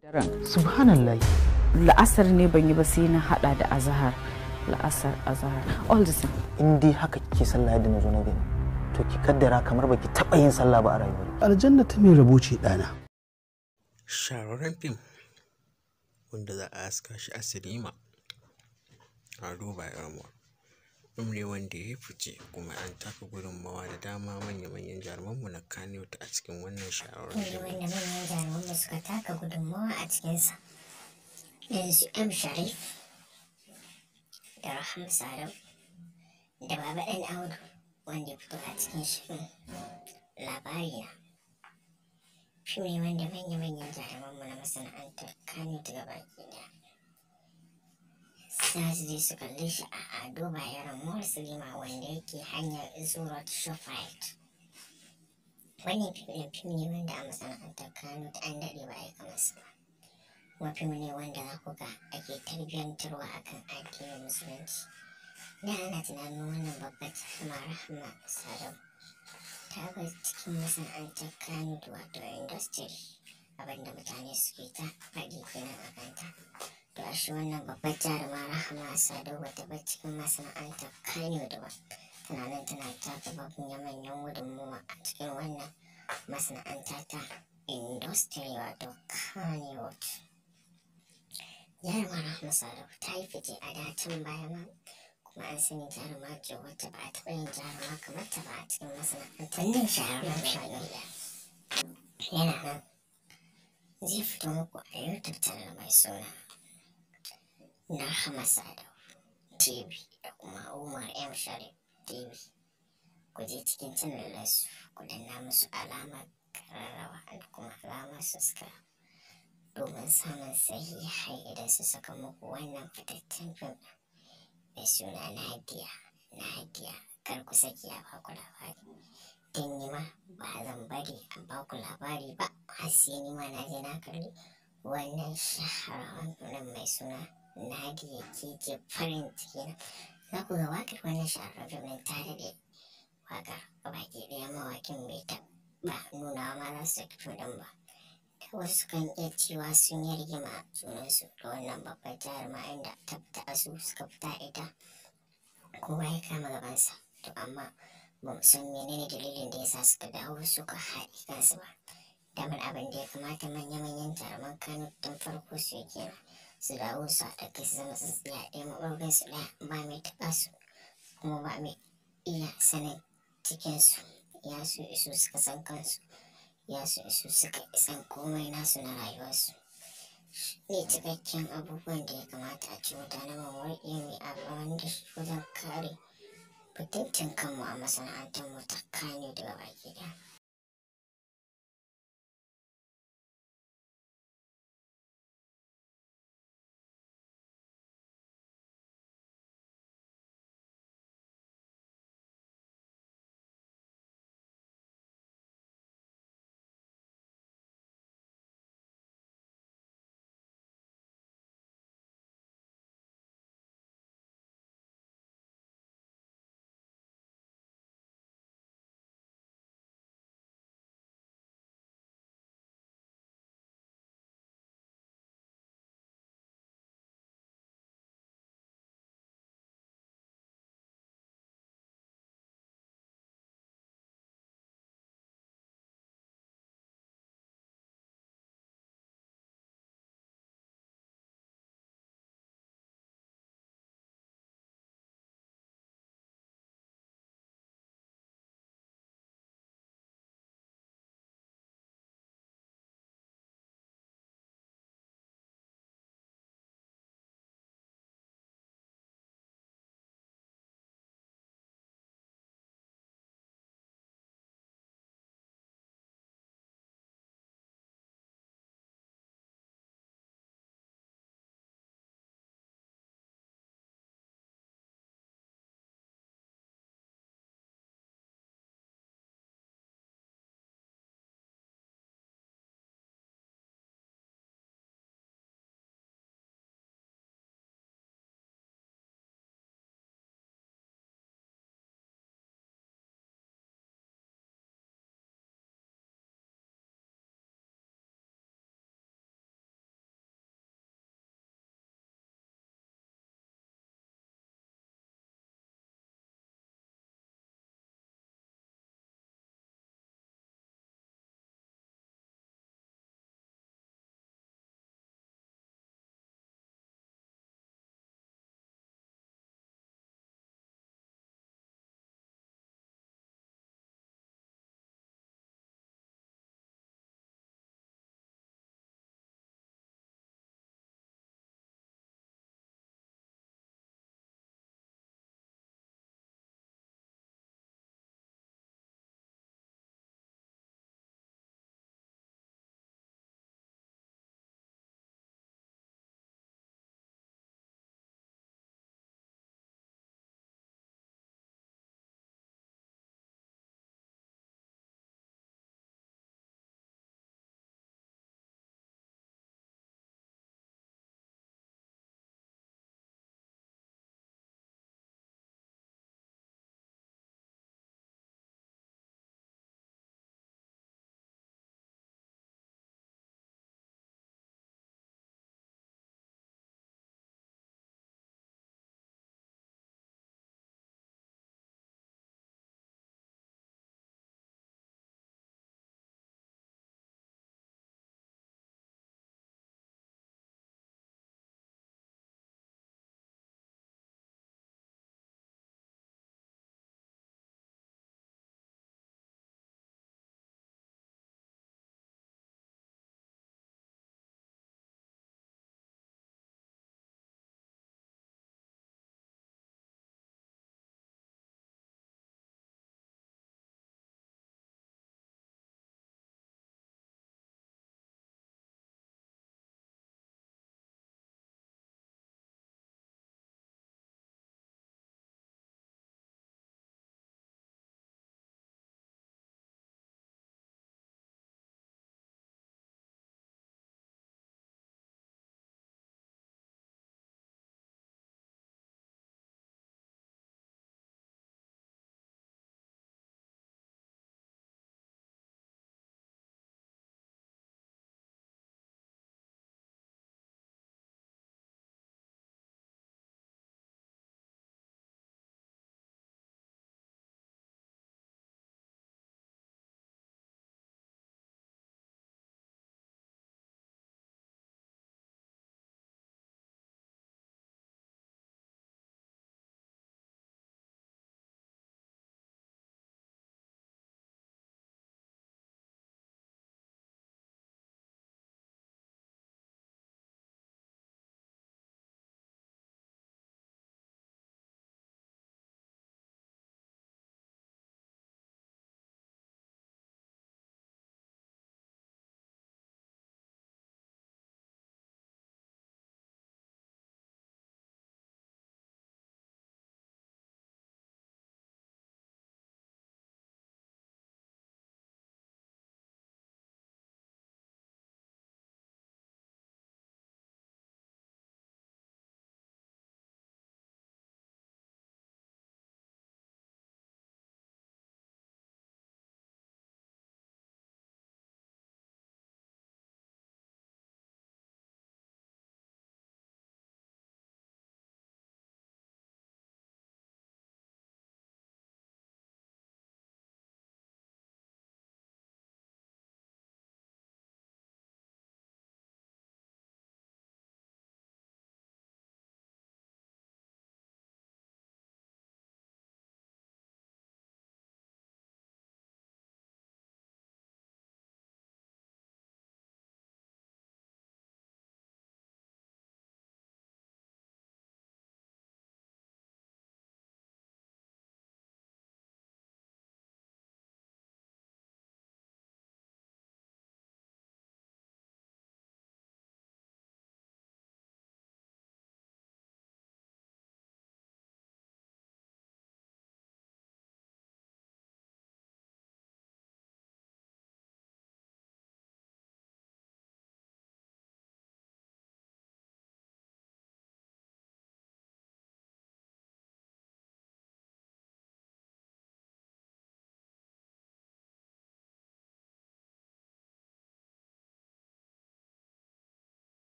daren subhanallah la'asar ne ban yi ba sai na hada da azahar la'asar azahar all the same in dai haka kike sallah da nazo na gani to ki kaddara kamar baki taba yin sallah ba a rayuwar aljanna ta mai rabo ce dana shararren fim wanda za a aska shi a sinima a duba yarmuwa ne wanda ya fice kuma an taka gudunmawa da dama manya-manyan jarumanmu na ta a cikin wannan shahararren Irin wanda manyan jarumanmu suka taka gudunmawa a cikinsa. yanzu M Sharif da Raham Sadau da Baba ɗan Audu wanda ya fito a cikin shirin labari na. Shi ne wanda manya-manyan jarumanmu na masana'antar ta gabaki ɗaya. za su je su kalle shi a ado bayaran mall cinema wanda yake hanyar isurot shoprite Wani fim ne wanda a masana'antar kano ta an daɗe ba a yi kamarsa ba kuma fim ne wanda za ku ga ake tarbiyyantarwa akan addinin musulunci da ana tunanin wannan babbar cikin rahama sadam ta bar cikin masana'antar kano wato industry abinda mutane suke ta faɗi kenan a kanta gashi wannan babbar jaruma rahama sadu wata ba cikin masana'anta kano da tana nan tana taka babban manyan gudunmuwa a cikin wannan masana'anta ta industry wato kanewood jaruma rahama sadu ta yi fice a dacin baya ma kuma an sani jaruma ce wacce ba a taɓa yin jaruma kamar ta ba a cikin masana'antar nan shahararren shagariya yana nan zai fito muku a youtube channel mai suna na Hamasa TV da kuma Umar M Sharif TV. Ku je cikin channel nasu ku danna musu alamar kararrawa da kuma alamar subscribe. Domin samun sahihai idan su saka muku wannan fitaccen fim mai suna Nadia. Nadia kar ku saki a baku labari. din yi ma ba zan bari a baku labari ba har sai ni ma na je na kalli wannan shahararren mai suna Ladi yake ji farin ciki na. Za ku ga waƙar wannan shahararren mai tare da waƙar baki ɗaya mawaƙin bai taɓa nunawa ma za su ba. wasu kan iya sun yi rigima a junansu da wannan babbar jaruma ta su suka fita ita kowa ya kama gabansa to amma ba mu san dalilin da yasa suka dawo suka haɗe kansu ba damar abin da ya kamata manya-manyan jaruman kano tun farko su yi su dawo su haɗa kai su zama tsintsiya ɗaya maɓarɓar ɗaya ba mai taɓa su kuma ba mai iya sanin cikinsu ya su isu suka san kansu ya su isu suka isan komai nasu na rayuwarsu ne cikakken abubuwan da ya kamata a ci mutane mawar ilimi a bayan da shi wajen kare mutuncin kanmu a masana'antar mu ta kane daga baki ɗaya